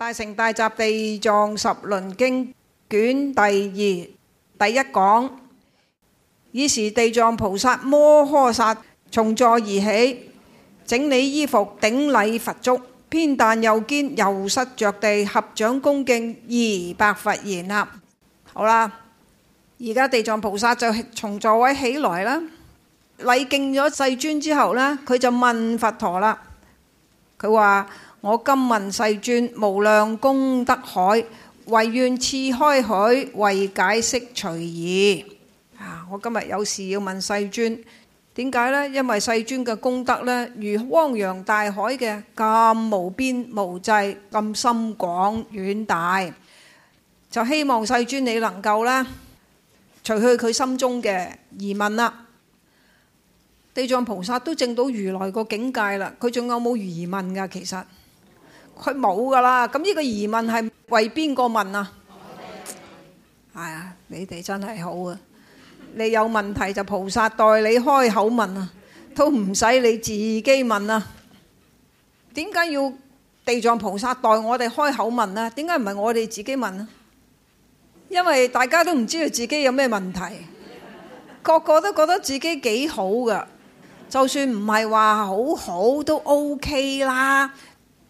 大乘大集地藏十輪經卷第二第一講，爾時地藏菩薩摩訶薩從座而起，整理衣服，頂禮佛足，偏袒右肩右，右膝着地，合掌恭敬而白佛言，啦，好啦，而家地藏菩薩就從座位起來啦，禮敬咗世尊之後呢佢就問佛陀啦，佢話。我今問世尊，無量功德海，唯願賜開許，為解釋除疑。啊，我今日有事要問世尊，點解呢？因為世尊嘅功德呢，如汪洋大海嘅咁無邊無際，咁深廣遠大，就希望世尊你能夠呢，除去佢心中嘅疑問啦。地藏菩薩都證到如來個境界啦，佢仲有冇疑問㗎？其實。佢冇噶啦，咁呢個疑問係為邊個問啊？哎呀，你哋真係好啊！你有問題就菩薩代你開口問啊，都唔使你自己問啊。點解要地藏菩薩代我哋開口問啊？點解唔係我哋自己問啊？因為大家都唔知道自己有咩問題，個個都覺得自己幾好噶，就算唔係話好好都 OK 啦。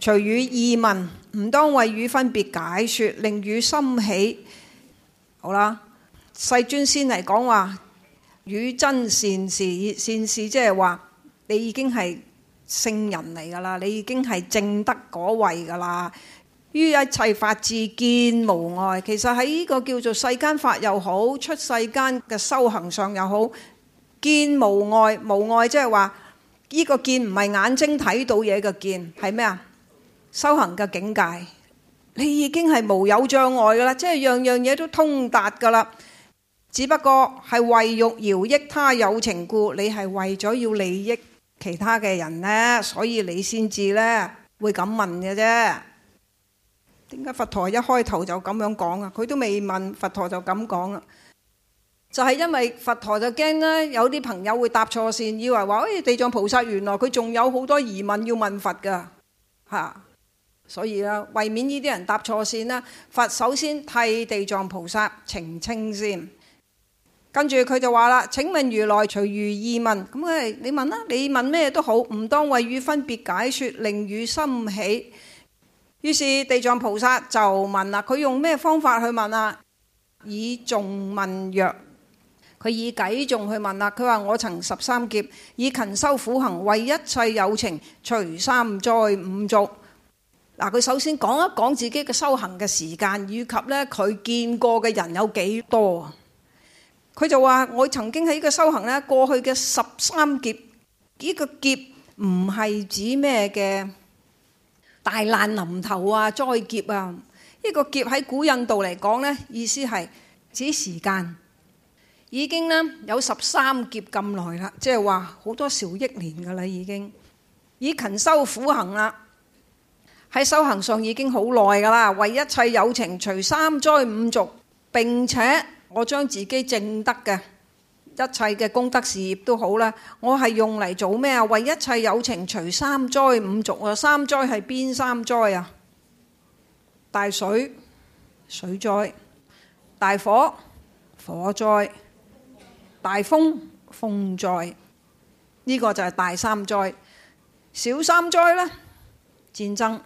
隨汝意問，吾當為汝分別解說，令汝心喜。好啦，世尊先嚟講話：汝真善士。善士即係話你已經係聖人嚟噶啦，你已經係正德果位噶啦。於一切法智見無礙。其實喺呢個叫做世間法又好，出世間嘅修行上又好，見無礙，無礙即係話呢個見唔係眼睛睇到嘢嘅見，係咩啊？修行嘅境界，你已經係無有障礙噶啦，即係樣樣嘢都通達噶啦。只不過係為欲饒益他有情故，你係為咗要利益其他嘅人呢，所以你先至呢會咁問嘅啫。點解佛陀一開頭就咁樣講啊？佢都未問，佛陀就咁講啦。就係因為佛陀就驚呢，有啲朋友會搭錯線，以為話誒地藏菩薩原來佢仲有好多疑問要問佛噶嚇。所以啦，為免呢啲人搭錯線啦，佛首先替地藏菩薩澄清先，跟住佢就話啦：請問如來，隨汝意問。咁誒，你問啦，你問咩都好，吾當為汝分別解説，令汝心喜。於是地藏菩薩就問啦，佢用咩方法去問啊？以頌問曰，佢以偈頌去問啦。佢話：我曾十三劫已勤修苦行，為一切有情除三災五濁。嗱，佢首先講一講自己嘅修行嘅時間，以及咧佢見過嘅人有幾多？佢就話：我曾經喺個修行咧，過去嘅十三劫，呢個劫唔係指咩嘅大難臨頭啊，災劫啊！呢個劫喺古印度嚟講咧，意思係指時間已經呢，有十三劫咁耐啦，即係話好多兆億年噶啦，已經已勤修苦行啦。喺修行上已經好耐噶啦，為一切有情除三災五濁，並且我將自己證得嘅一切嘅功德事業都好啦，我係用嚟做咩啊？為一切有情除三災五濁啊！三災係邊三災啊？大水水災、大火火災、大風風災，呢個就係大三災。小三災咧，戰爭。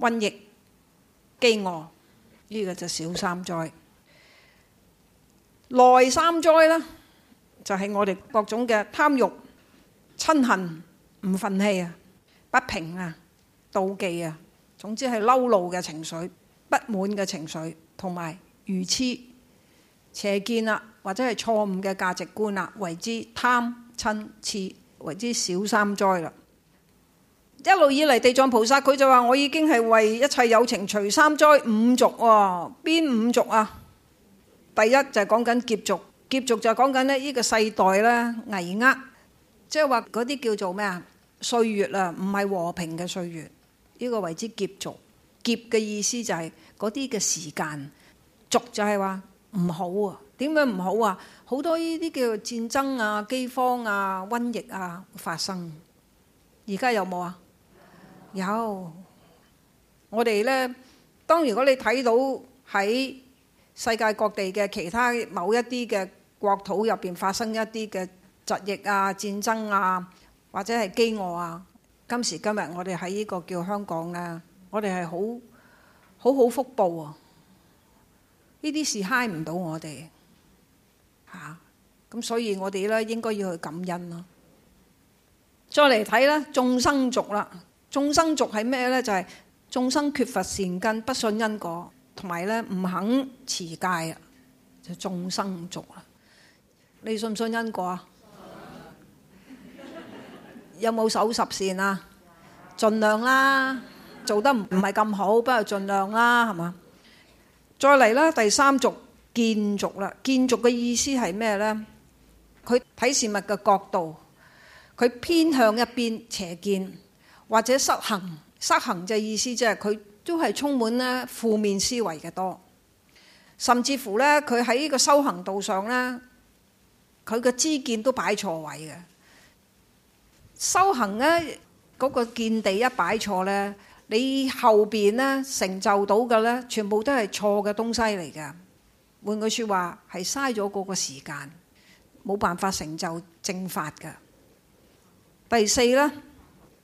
瘟疫、饑餓，呢、這個就小三災；內三災啦，就係、是、我哋各種嘅貪欲、瞋恨、唔忿氣啊、不平啊、妒忌啊，總之係嬲怒嘅情緒、不滿嘅情緒，同埋愚痴、邪見啊，或者係錯誤嘅價值觀啊，為之貪瞋痴，為之小三災啦。一路以嚟，地藏菩薩佢就話：我已經係為一切有情除三災五濁啊。邊五濁啊？第一就係講緊劫濁，劫濁就係講緊咧呢個世代咧危厄，即係話嗰啲叫做咩啊？歲月啊，唔係和平嘅歲月，呢、這個為之劫濁。劫嘅意思就係嗰啲嘅時間，濁就係話唔好啊。點樣唔好啊？好多呢啲叫做戰爭啊、饑荒啊、瘟疫啊發生。而家有冇啊？有，我哋呢，當如果你睇到喺世界各地嘅其他某一啲嘅國土入邊發生一啲嘅疾疫啊、戰爭啊，或者係飢餓啊，今時今日我哋喺呢個叫香港咧，我哋係好好好福報啊！呢啲事嗨唔到我哋、啊，吓咁，所以我哋呢應該要去感恩啦、啊。再嚟睇啦，眾生濁啦。眾生濁係咩呢？就係、是、眾生缺乏善根，不信因果，同埋咧唔肯持戒啊，就是、眾生濁啊！你信唔信因果啊？有冇守十善啊？儘量啦，做得唔唔係咁好，不過儘量啦，係嘛？再嚟啦，第三濁，見濁啦，見濁嘅意思係咩呢？佢睇事物嘅角度，佢偏向一邊邪見。或者失衡，失衡就意思即係佢都係充滿咧負面思維嘅多，甚至乎咧佢喺呢個修行道上咧，佢嘅知見都擺錯位嘅。修行咧嗰個見地一擺錯咧，你後邊咧成就到嘅咧，全部都係錯嘅東西嚟噶。換句說話，係嘥咗嗰個時間，冇辦法成就正法噶。第四咧。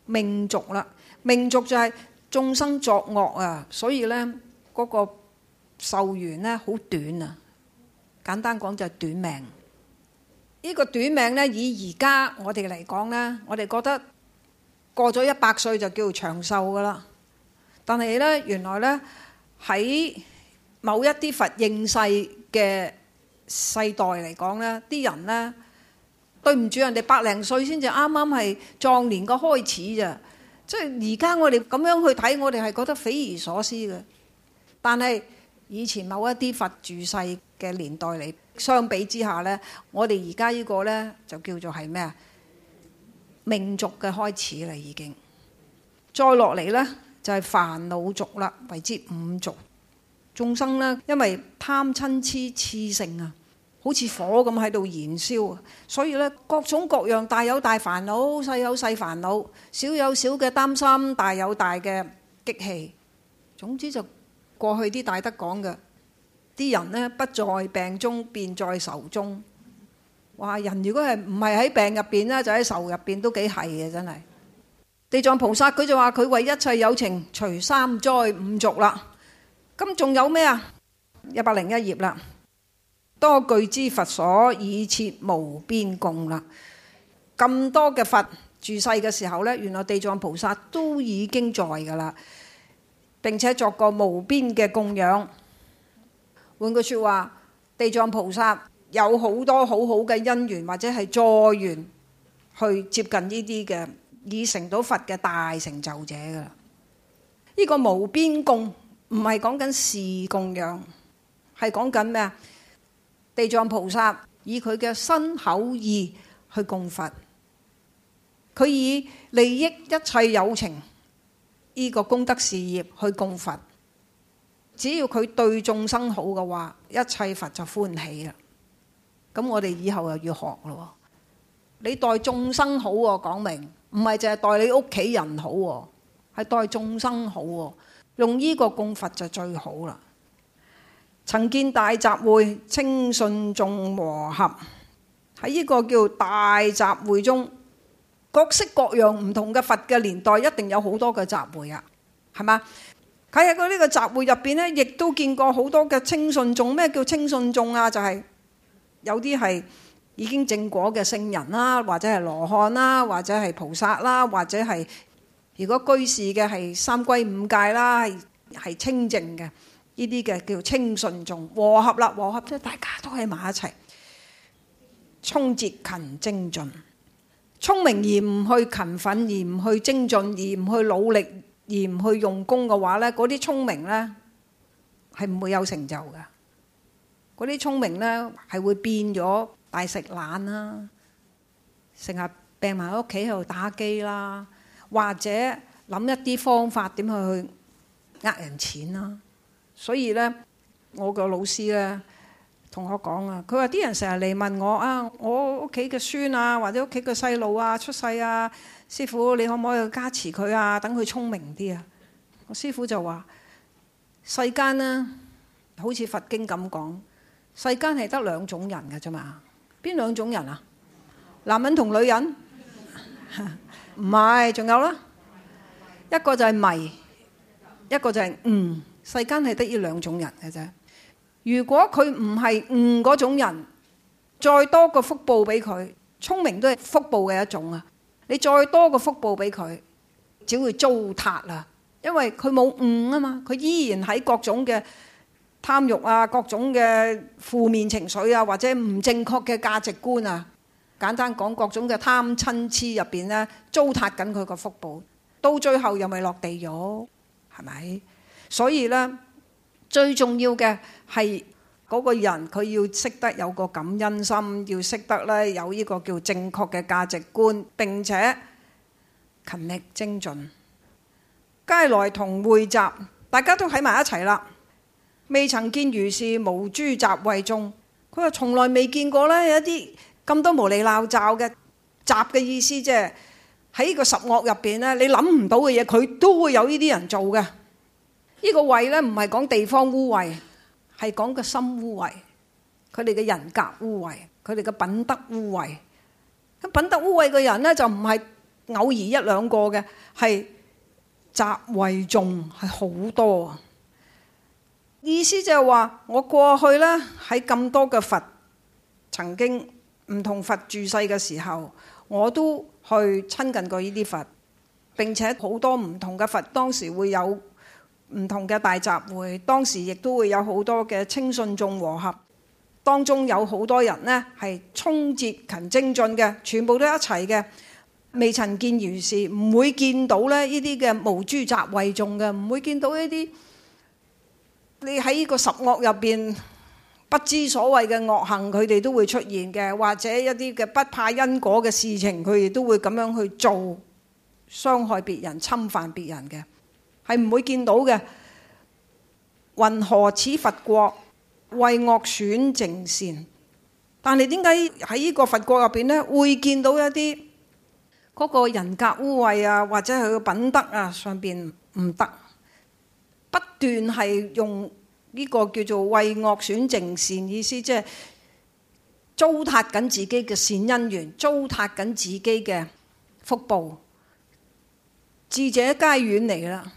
命濁啦，命濁就係眾生作惡啊，所以呢，嗰個壽元呢好短啊。簡單講就係短命。呢、這個短命呢，以而家我哋嚟講呢，我哋覺得過咗一百歲就叫做長壽噶啦。但係呢，原來呢，喺某一啲佛應世嘅世代嚟講呢，啲人呢。對唔住，人哋百零歲先至啱啱係壯年嘅開始咋。即係而家我哋咁樣去睇，我哋係覺得匪夷所思嘅。但係以前某一啲佛住世嘅年代嚟，相比之下呢，我哋而家呢個呢，就叫做係咩啊？命濁嘅開始啦，已經再落嚟呢，就係、是、煩惱濁啦，謂之五濁眾生呢，因為貪嗔痴痴性啊。好似火咁喺度燃燒，所以呢，各種各樣，大有大煩惱，細有細煩惱，少有少嘅擔心，大有大嘅激氣。總之就過去啲大德講嘅，啲人呢不在病中，便在愁中。話人如果係唔係喺病入邊呢，就喺愁入邊都幾係嘅，真係。地藏菩薩佢就話：佢為一切有情除三災五濁啦。咁仲有咩啊？一百零一頁啦。多俱胝佛所已設無邊供啦，咁多嘅佛住世嘅時候呢，原來地藏菩薩都已經在噶啦，並且作過無邊嘅供養。換句說話，地藏菩薩有好多好好嘅因緣或者係助緣去接近呢啲嘅，已成到佛嘅大成就者噶啦。呢個無邊供唔係講緊事供養，係講緊咩啊？地藏菩薩以佢嘅身口意去供佛，佢以利益一切有情呢個功德事業去供佛。只要佢對眾生好嘅話，一切佛就歡喜啦。咁我哋以後又要學咯。你待眾生好，講明唔係淨係待你屋企人好，係待眾生好，用呢個供佛就最好啦。曾見大集會，清信眾和合。喺呢個叫大集會中，各式各樣唔同嘅佛嘅年代，一定有好多嘅集會啊，係嘛？睇下佢呢個集會入邊咧，亦都見過好多嘅清信眾。咩叫清信眾啊？就係、是、有啲係已經正果嘅聖人啦，或者係羅漢啦，或者係菩薩啦，或者係如果居士嘅係三歸五戒啦，係清淨嘅。呢啲嘅叫清信眾，和合啦，和合即係大家都喺埋一齊，聰哲勤精進。聰明而唔去勤奮，而唔去精進，而唔去努力，而唔去用功嘅話咧，嗰啲聰明咧係唔會有成就嘅。嗰啲聰明咧係會變咗大食懶啦，成日病埋喺屋企喺度打機啦，或者諗一啲方法點去呃人錢啦。所以咧，我個老師咧，同我講啊，佢話啲人成日嚟問我啊，我屋企嘅孫啊，或者屋企嘅細路啊，出世啊，師傅你可唔可以加持佢啊，等佢聰明啲啊？我師傅就話：世間咧，好似佛經咁講，世間係得兩種人嘅啫嘛。邊兩種人啊？男人同女人？唔係，仲有啦，一個就係迷，一個就係悟，嗯。世間係得呢兩種人嘅啫。如果佢唔係誤嗰種人，再多個福報俾佢，聰明都係福報嘅一種啊。你再多個福報俾佢，只會糟蹋啦，因為佢冇誤啊嘛。佢依然喺各種嘅貪欲啊，各種嘅負面情緒啊，或者唔正確嘅價值觀啊，簡單講各種嘅貪嗔痴入邊咧，糟蹋緊佢個福報，到最後又咪落地獄，係咪？所以咧，最重要嘅係嗰個人，佢要識得有個感恩心，要識得咧有呢個叫正確嘅價值觀，並且勤力精進。皆來同會集，大家都喺埋一齊啦。未曾見如是無諸雜穢眾，佢話從來未見過咧，有一啲咁多無理鬧罩嘅集嘅意思即啫。喺呢個十惡入邊咧，你諗唔到嘅嘢，佢都會有呢啲人做嘅。呢個位咧唔係講地方污穢，係講個心污穢，佢哋嘅人格污穢，佢哋嘅品德污穢。咁品德污穢嘅人咧就唔係偶爾一兩個嘅，係集為眾，係好多。意思就係話，我過去咧喺咁多嘅佛，曾經唔同佛住世嘅時候，我都去親近過呢啲佛，並且好多唔同嘅佛，當時會有。唔同嘅大集會，當時亦都會有好多嘅清信眾和合，當中有好多人呢係聰哲勤精進嘅，全部都一齊嘅，未曾見如是，唔會見到咧呢啲嘅無諸雜穢眾嘅，唔會見到呢啲你喺呢個十惡入邊不知所謂嘅惡行，佢哋都會出現嘅，或者一啲嘅不怕因果嘅事情，佢哋都會咁樣去做，傷害別人、侵犯別人嘅。係唔會見到嘅。云何此佛國穢惡損淨善。但係點解喺呢個佛國入邊咧，會見到一啲嗰個人格污穢啊，或者佢個品德啊上邊唔得，不斷係用呢個叫做穢惡損淨善意思，即係糟蹋緊自己嘅善因緣，糟蹋緊自己嘅福報，智者皆遠離啦。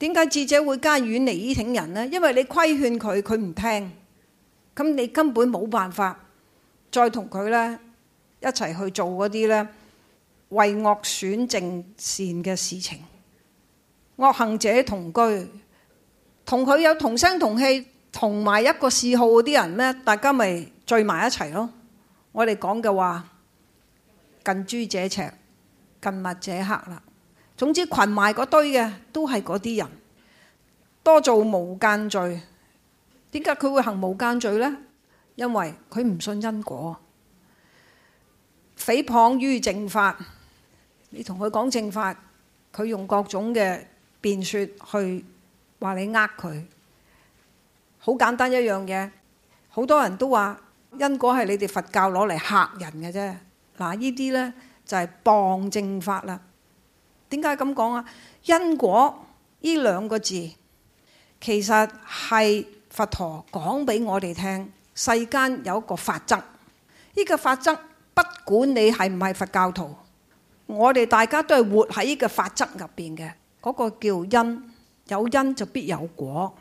點解智者會皆遠離呢種人呢？因為你規勸佢，佢唔聽，咁你根本冇辦法再同佢呢一齊去做嗰啲呢為惡損淨善嘅事情。惡行者同居，同佢有同聲同氣、同埋一個嗜好嗰啲人咧，大家咪聚埋一齊咯。我哋講嘅話，近朱者赤，近墨者黑啦。總之群埋嗰堆嘅都係嗰啲人，多做無間罪。點解佢會行無間罪呢？因為佢唔信因果，誹謗於正法。你同佢講正法，佢用各種嘅辯說去話你呃佢。好簡單一樣嘢，好多人都話因果係你哋佛教攞嚟吓人嘅啫。嗱，呢啲呢，就係謗正法啦。點解咁講啊？因果呢兩個字，其實係佛陀講俾我哋聽，世間有一個法則。呢個法則，不管你係唔係佛教徒，我哋大家都係活喺呢個法則入邊嘅。嗰個叫因，有因就必有果。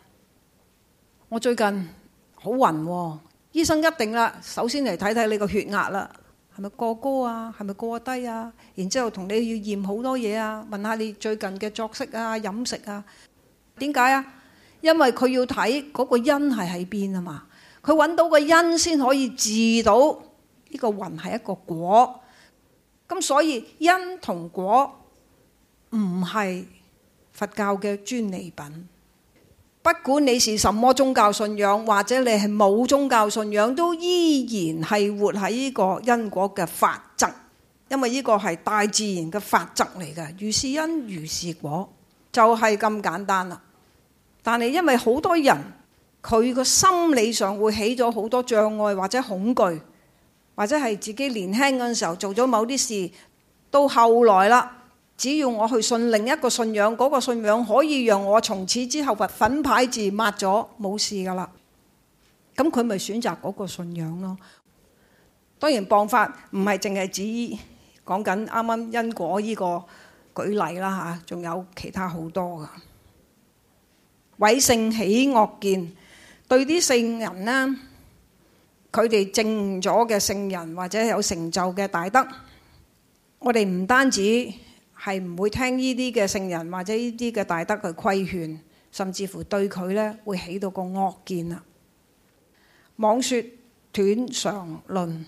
我最近好暈，醫生一定啦，首先嚟睇睇你個血壓啦。係咪過高啊？係咪過低啊？然之後同你要驗好多嘢啊，問下你最近嘅作息啊、飲食啊，點解啊？因為佢要睇嗰個因係喺邊啊嘛，佢揾到個因先可以治到呢個云係一個果，咁所以因同果唔係佛教嘅專利品。不管你是什麼宗教信仰，或者你係冇宗教信仰，都依然係活喺呢個因果嘅法則，因為呢個係大自然嘅法則嚟嘅，如是因如是果，就係咁簡單啦。但係因為好多人佢個心理上會起咗好多障礙，或者恐懼，或者係自己年輕嗰陣時候做咗某啲事，到後來啦。只要我去信另一個信仰，嗰個信仰可以讓我從此之後，白粉牌字抹咗冇事噶啦。咁佢咪選擇嗰個信仰咯？當然，謗法唔係淨係指講緊啱啱因果依個舉例啦，嚇，仲有其他好多噶。毀聖起惡見對啲聖人呢，佢哋正咗嘅聖人或者有成就嘅大德，我哋唔單止。係唔會聽呢啲嘅聖人或者呢啲嘅大德去規勸，甚至乎對佢呢會起到個惡見啦。妄說斷常論，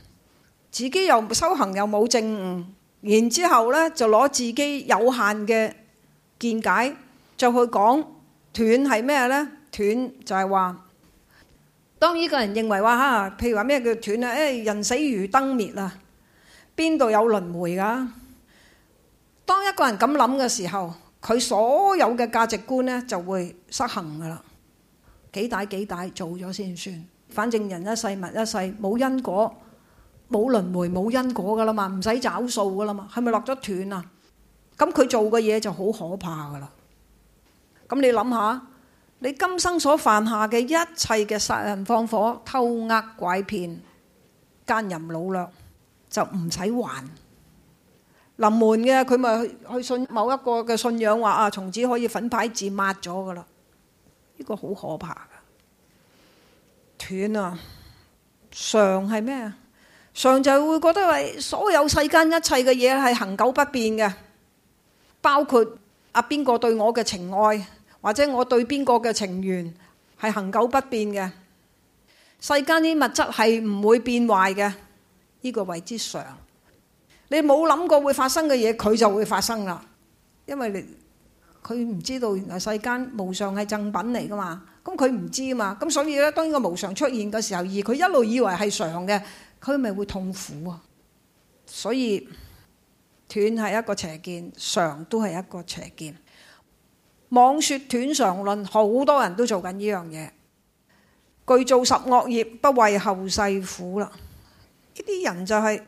自己又修行又冇證悟，然之後咧，就攞自己有限嘅見解就去講斷係咩呢？斷就係話，當呢個人認為話吓，譬如話咩叫斷啊？誒，人死如燈滅啊，邊度有輪回噶？當一個人咁諗嘅時候，佢所有嘅價值觀呢就會失衡噶啦。幾大幾大做咗先算，反正人一世物一世，冇因果，冇輪迴，冇因果噶啦嘛，唔使找數噶啦嘛，係咪落咗斷啊？咁佢做嘅嘢就好可怕噶啦。咁你諗下，你今生所犯下嘅一切嘅殺人放火、偷呃拐騙、姦淫擄掠，就唔使還。臨門嘅佢咪去去信某一個嘅信仰話啊，從此可以粉牌自抹咗噶啦。呢個好可怕噶。斷啊，常係咩啊？常就會覺得係所有世間一切嘅嘢係恒久不變嘅，包括阿、啊、邊個對我嘅情愛或者我對邊個嘅情緣係恒久不變嘅，世間啲物質係唔會變壞嘅，呢個謂之常。你冇諗過會發生嘅嘢，佢就會發生啦。因為你佢唔知道原來世間無常係贈品嚟噶嘛，咁佢唔知啊嘛，咁所以咧，當呢個無常出現嘅時候，而佢一路以為係常嘅，佢咪會痛苦啊。所以斷係一個邪見，常都係一個邪見。妄說斷常論，好多人都做緊呢樣嘢，具造十惡業，不為後世苦啦。呢啲人就係、是。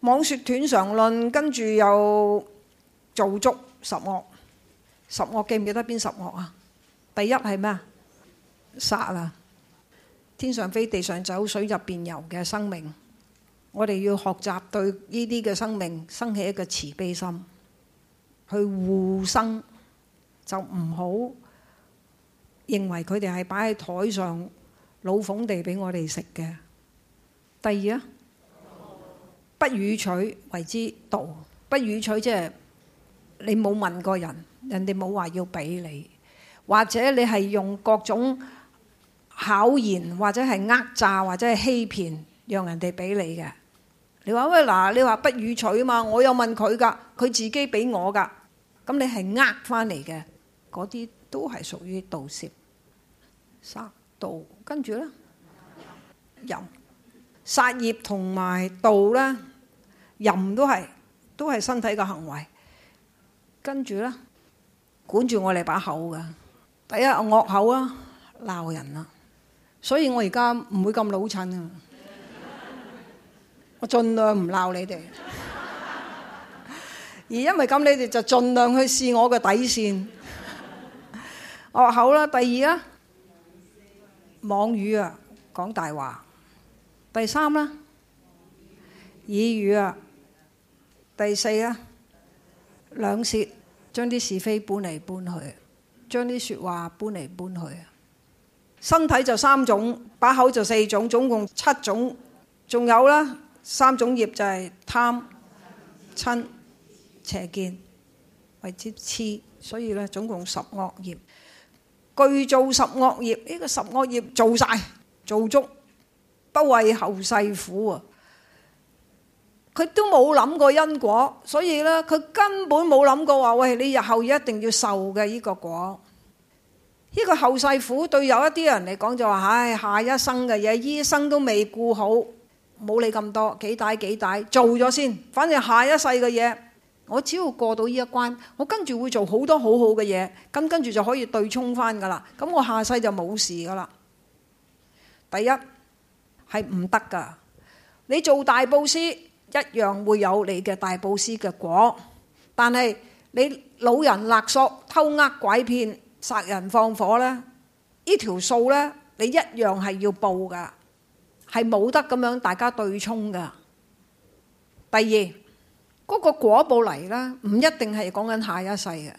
妄說斷常論，跟住又做足十惡，十惡記唔記得邊十惡啊？第一係咩啊？殺啊！天上飛、地上走、水入邊游嘅生命，我哋要學習對呢啲嘅生命生起一個慈悲心，去護生，就唔好認為佢哋係擺喺台上老奉地俾我哋食嘅。第二啊。不予取為之道，不予取即係你冇問過人，人哋冇話要俾你，或者你係用各種考驗，或者係呃詐，或者係欺騙，讓人哋俾你嘅。你話喂嗱，你話不予取嘛？我有問佢噶，佢自己俾我噶，咁你係呃返嚟嘅，嗰啲都係屬於盜竊、殺盜，跟住呢？又。殺業同埋盜啦，淫都係，都係身體嘅行為。跟住咧，管住我哋把口噶。第一惡口啊，鬧人啦。所以我而家唔會咁老襯啊，我盡量唔鬧你哋。而因為咁，你哋就盡量去試我嘅底線。惡口啦，第二啦，妄語啊，講大話。第三啦，綺語啊；第四啦，兩舌，將啲是非搬嚟搬去，將啲説話搬嚟搬去。身體就三種，把口就四種，總共七種。仲有啦，三種業就係貪、瞋、邪見，為之痴。所以咧，總共十惡業。具造十惡業，呢個十惡業做晒做足。不畏後世苦啊！佢都冇諗過因果，所以呢，佢根本冇諗過話喂，你日後一定要受嘅呢個果。呢個後世苦對有一啲人嚟講就話：唉，下一生嘅嘢，一生都未顧好，冇理咁多，幾大幾大，做咗先，反正下一世嘅嘢，我只要過到呢一關，我跟住會做好多好好嘅嘢，咁跟住就可以對沖返㗎喇。咁我下世就冇事㗎喇。第一。係唔得噶！你做大布施，一樣會有你嘅大布施嘅果。但係你老人勒索、偷呃、拐騙、殺人、放火呢，呢條數呢，你一樣係要報噶。係冇得咁樣大家對沖噶。第二，嗰個果報嚟呢，唔一定係講緊下一世嘅，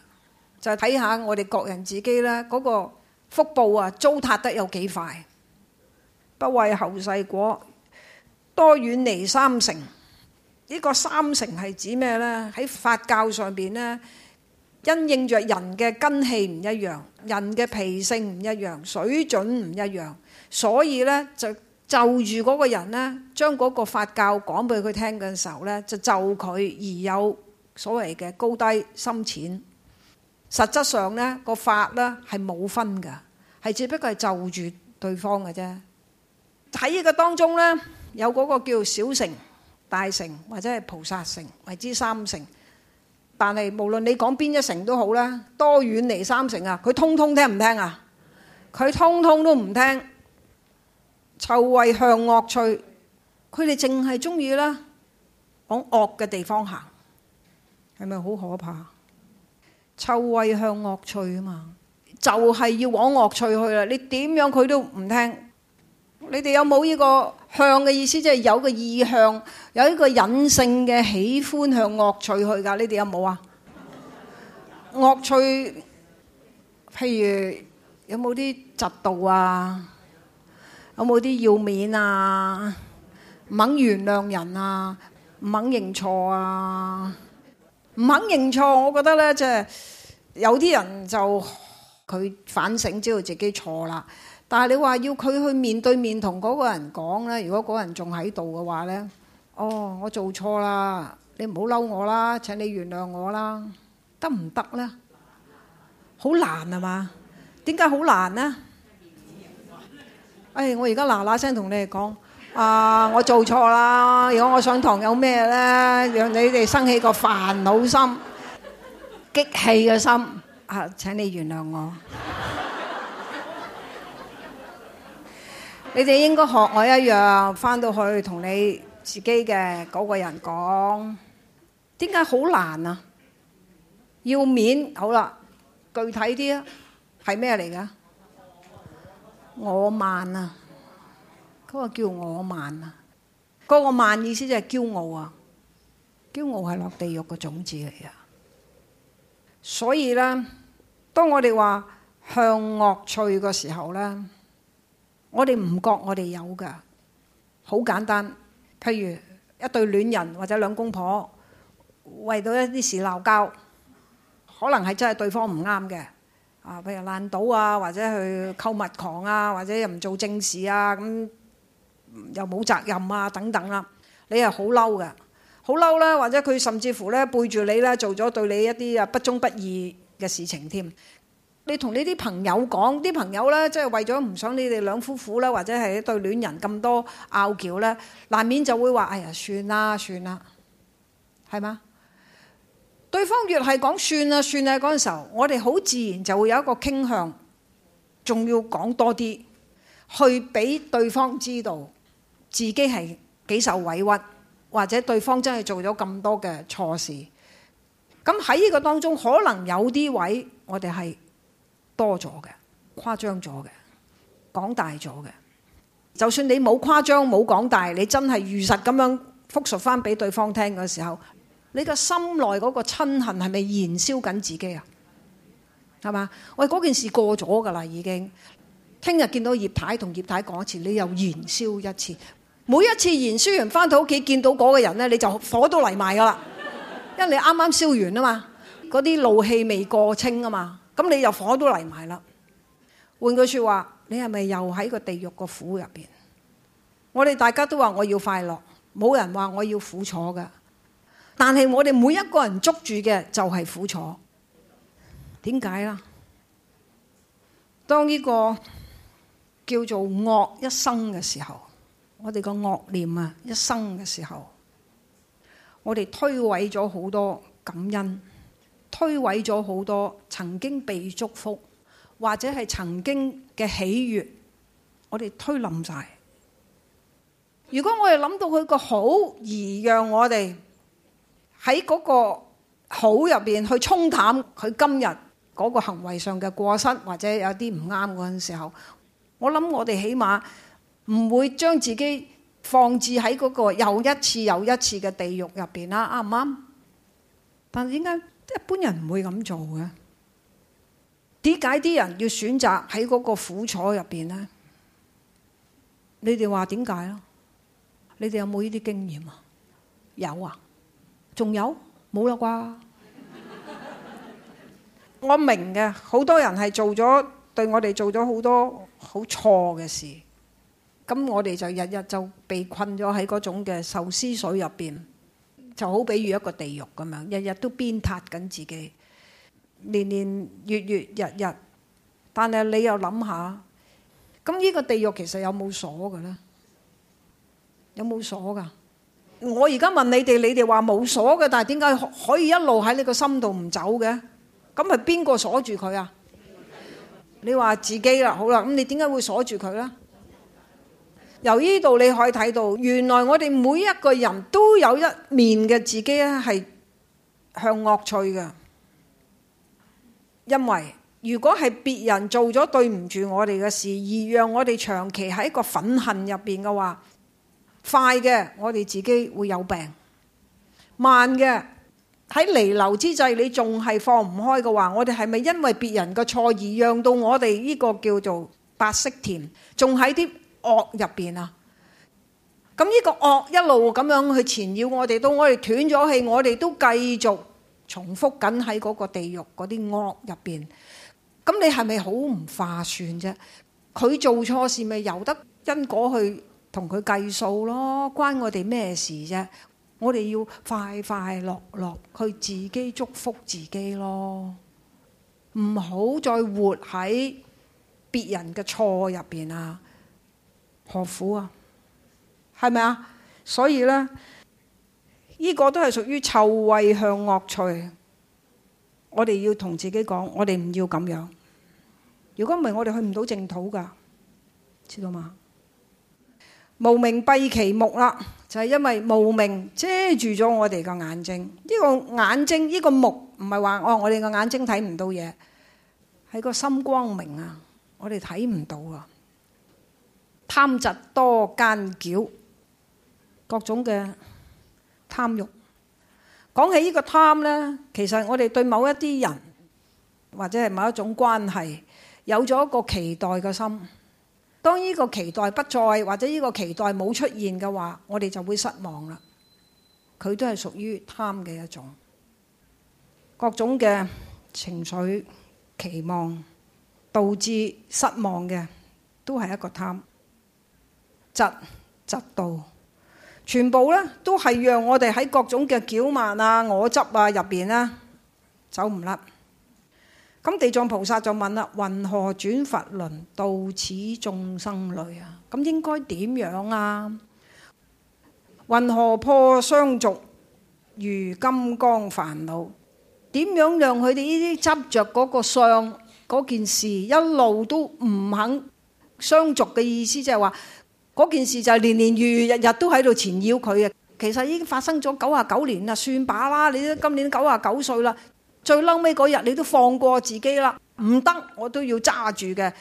就睇下我哋各人自己呢，嗰個福報啊，糟蹋得有幾快。不畏後世苦，多遠離三乘。呢、這個三乘」係指咩呢？喺佛教上邊咧，因應着人嘅根氣唔一樣，人嘅脾性唔一樣，水準唔一樣，所以呢，就就住嗰個人咧，將嗰個法教講俾佢聽嘅時候呢，就就佢而有所謂嘅高低深淺。實質上呢、那個法呢係冇分嘅，係只不過係就住對方嘅啫。喺呢個當中咧，有嗰個叫小乘、大乘或者係菩薩乘，謂之三乘。但係無論你講邊一乘都好啦，多遠離三乘啊！佢通通聽唔聽啊？佢通通都唔聽，臭穢向惡趣，佢哋淨係中意啦，往惡嘅地方行，係咪好可怕？臭穢向惡趣啊嘛，就係要往惡趣去啦！你點樣佢都唔聽。你哋有冇呢個向嘅意思？即係有個意向，有一個隱性嘅喜歡向惡趣去噶？你哋有冇啊？惡趣，譬如有冇啲嫉妒啊？有冇啲要面啊？唔肯原諒人啊？唔肯認錯啊？唔肯認錯，我覺得咧，即係有啲人就佢反省知道自己錯啦。但係你話要佢去面對面同嗰個人講呢？如果嗰人仲喺度嘅話呢？哦，我做錯啦，你唔好嬲我啦，請你原諒我啦，得唔得呢？好難啊嘛？點解好難呢、啊？誒、哎，我而家嗱嗱聲同你哋講啊，我做錯啦！如果我上堂有咩呢？讓你哋生起個煩惱心、激氣嘅心啊，請你原諒我。你哋應該學我一樣，返到去同你自己嘅嗰個人講，點解好難啊？要面好啦，具體啲啊，係咩嚟噶？我慢啊，佢話叫我慢啊，嗰個慢意思就係驕傲啊，驕傲係落地獄嘅種子嚟啊，所以呢，當我哋話向惡趣嘅時候呢。我哋唔覺得我哋有噶，好簡單。譬如一對戀人或者兩公婆為到一啲事鬧交，可能係真係對方唔啱嘅。啊，譬如爛賭啊，或者去購物狂啊，或者又唔做正事啊，咁又冇責任啊等等啦。你係好嬲㗎，好嬲啦，或者佢甚至乎咧背住你咧做咗對你一啲啊不忠不義嘅事情添。你同你啲朋友講，啲朋友咧即係為咗唔想你哋兩夫婦咧，或者係一對戀人咁多拗撬咧，難免就會話：哎呀，算啦，算啦，係嘛？對方越係講算啦，算啦嗰陣時候，我哋好自然就會有一個傾向，仲要講多啲，去俾對方知道自己係幾受委屈，或者對方真係做咗咁多嘅錯事。咁喺呢個當中，可能有啲位我哋係，多咗嘅，誇張咗嘅，講大咗嘅。就算你冇誇張、冇講大，你真係如實咁樣複述翻俾對方聽嘅時候，你個心內嗰個嗔恨係咪燃燒緊自己啊？係嘛？喂，嗰件事過咗噶啦，已經了了。聽日見到葉太同葉太講一次，你又燃燒一次。每一次燃燒完翻到屋企見到嗰個人呢，你就火都嚟埋噶啦，因為你啱啱燒完啊嘛，嗰啲怒氣未過清啊嘛。咁你又火都嚟埋啦。換句說話，你係咪又喺個地獄個苦入邊？我哋大家都話我要快樂，冇人話我要苦楚噶。但係我哋每一個人捉住嘅就係苦楚，點解啊？當呢個叫做惡一生嘅時候，我哋個惡念啊一生嘅時候，我哋推毀咗好多感恩。摧毀咗好多曾經被祝福或者係曾經嘅喜悅，我哋推冧晒。如果我哋諗到佢個好，而讓我哋喺嗰個好入邊去沖淡佢今日嗰個行為上嘅過失，或者有啲唔啱嗰陣時候，我諗我哋起碼唔會將自己放置喺嗰個又一次又一次嘅地獄入邊啦，啱唔啱？但係點解？一般人唔會咁做嘅，點解啲人要選擇喺嗰個苦楚入邊呢？你哋話點解咯？你哋有冇呢啲經驗啊？有啊，仲有冇啦啩？ 我明嘅，好多人係做咗，對我哋做咗好多好錯嘅事，咁我哋就日日就被困咗喺嗰種嘅壽司水入邊。就好比如一個地獄咁樣，日日都鞭撻緊自己，年年月月日日，但係你又諗下，咁呢個地獄其實有冇鎖嘅咧？有冇鎖㗎？我而家問你哋，你哋話冇鎖嘅，但係點解可以一路喺你個心度唔走嘅？咁係邊個鎖住佢啊？你話自己啦，好啦，咁你點解會鎖住佢咧？由呢度你可以睇到，原來我哋每一個人都有一面嘅自己咧，係向惡趣嘅。因為如果係別人做咗對唔住我哋嘅事，而讓我哋長期喺一個憤恨入邊嘅話，快嘅我哋自己會有病；慢嘅喺彌留之際，你仲係放唔開嘅話，我哋係咪因為別人嘅錯而讓到我哋呢個叫做白色田，仲喺啲惡入邊啊！咁呢個惡一路咁樣去纏繞我哋，到我哋斷咗氣，我哋都繼續重複緊喺嗰個地獄嗰啲惡入邊。咁你係咪好唔化算啫？佢做錯事咪由得因果去同佢計數咯，關我哋咩事啫？我哋要快快樂樂去自己祝福自己咯，唔好再活喺別人嘅錯入邊啊！何苦啊？係咪啊？所以呢，呢、呢個都係屬於臭穢向惡趣。我哋要同自己講，我哋唔要咁樣。如果唔係，我哋去唔到淨土噶，知道嘛？無明蔽其目啦，就係、是、因為無明遮住咗我哋、個眼睛。呢個眼睛，呢個目唔係話哦，我哋個眼睛睇唔到嘢，係個心光明啊，我哋睇唔到啊。貪嫉多姦矯，各種嘅貪慾。講起呢個貪呢，其實我哋對某一啲人或者係某一種關係有咗一個期待嘅心。當呢個期待不再或者呢個期待冇出現嘅話，我哋就會失望啦。佢都係屬於貪嘅一種，各種嘅情緒期望導致失望嘅，都係一個貪。執執道，全部呢都係讓我哋喺各種嘅憍慢啊、我執啊入邊啦，走唔甩。咁地藏菩薩就問啦：云何轉佛輪度此眾生類啊？咁應該點樣啊？云何破相續如金剛煩惱？點樣讓佢哋呢啲執着嗰個相嗰件事，一路都唔肯相續嘅意思，即係話。嗰件事就係年年月月日日都喺度纏繞佢啊！其實已經發生咗九十九年啦，算把啦！你都今年九十九歲啦，最嬲尾嗰日你都放過自己啦，唔得我都要揸住嘅。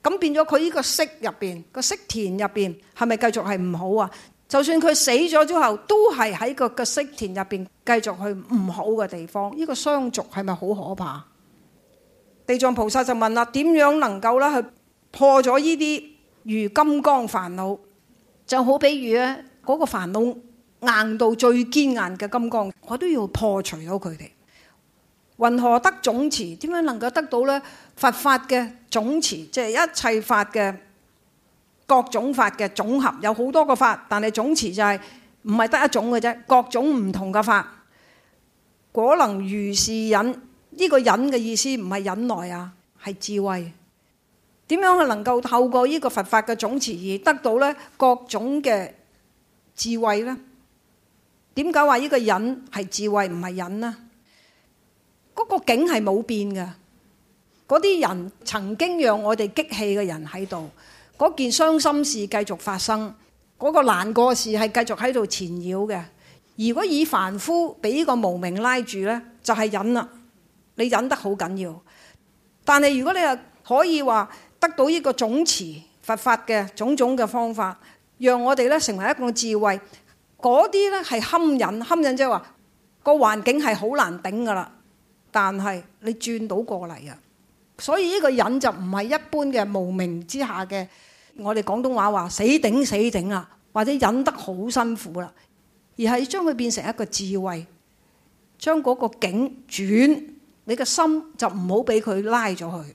咁變咗佢呢個息入邊個息田入邊係咪繼續係唔好啊？就算佢死咗之後，都係喺個個息田入邊繼續去唔好嘅地方。呢個相續係咪好可怕？地藏菩薩就問啦：點樣能夠啦去破咗呢啲？如金剛煩惱，就好比如咧，嗰個煩惱硬度最堅硬嘅金剛，我都要破除咗佢哋。云何得總持？點樣能夠得到咧？佛法嘅總持，即係一切法嘅各種法嘅總合，有好多個法，但係總持就係唔係得一種嘅啫，各種唔同嘅法。果能如是忍，呢個忍嘅意思唔係忍耐啊，係智慧。點樣係能夠透過呢個佛法嘅總持而得到咧，各種嘅智慧呢？點解話呢個忍係智慧唔係忍呢？嗰個境係冇變嘅，嗰啲人曾經讓我哋激氣嘅人喺度，嗰件傷心事繼續發生，嗰個難過事係繼續喺度纏繞嘅。如果以凡夫俾呢個無明拉住呢，就係忍啦。你忍得好緊要，但係如果你又可以話。得到呢個種持佛法嘅種種嘅方法，讓我哋咧成為一個智慧。嗰啲咧係堪忍，堪忍即係話個環境係好難頂噶啦。但係你轉到過嚟啊，所以呢個忍就唔係一般嘅無明之下嘅。我哋廣東話話死頂死頂啊，或者忍得好辛苦啦，而係將佢變成一個智慧，將嗰個境轉，你個心就唔好俾佢拉咗去。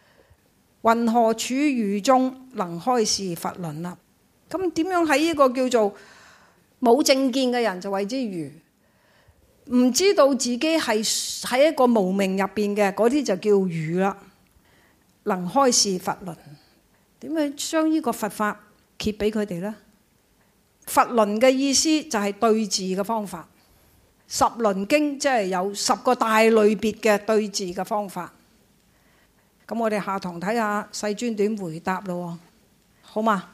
云何處愚眾能開示佛輪啦？咁點樣喺一個叫做冇正見嘅人就謂之愚，唔知道自己係喺一個無明入邊嘅，嗰啲就叫愚啦。能開示佛輪，點樣將呢個，個，個佛法揭俾佢哋呢？佛輪嘅意思就係對治嘅方法，十輪經即係有十個大類別嘅對治嘅方法。咁我哋下堂睇下世尊點回答咯，好嘛？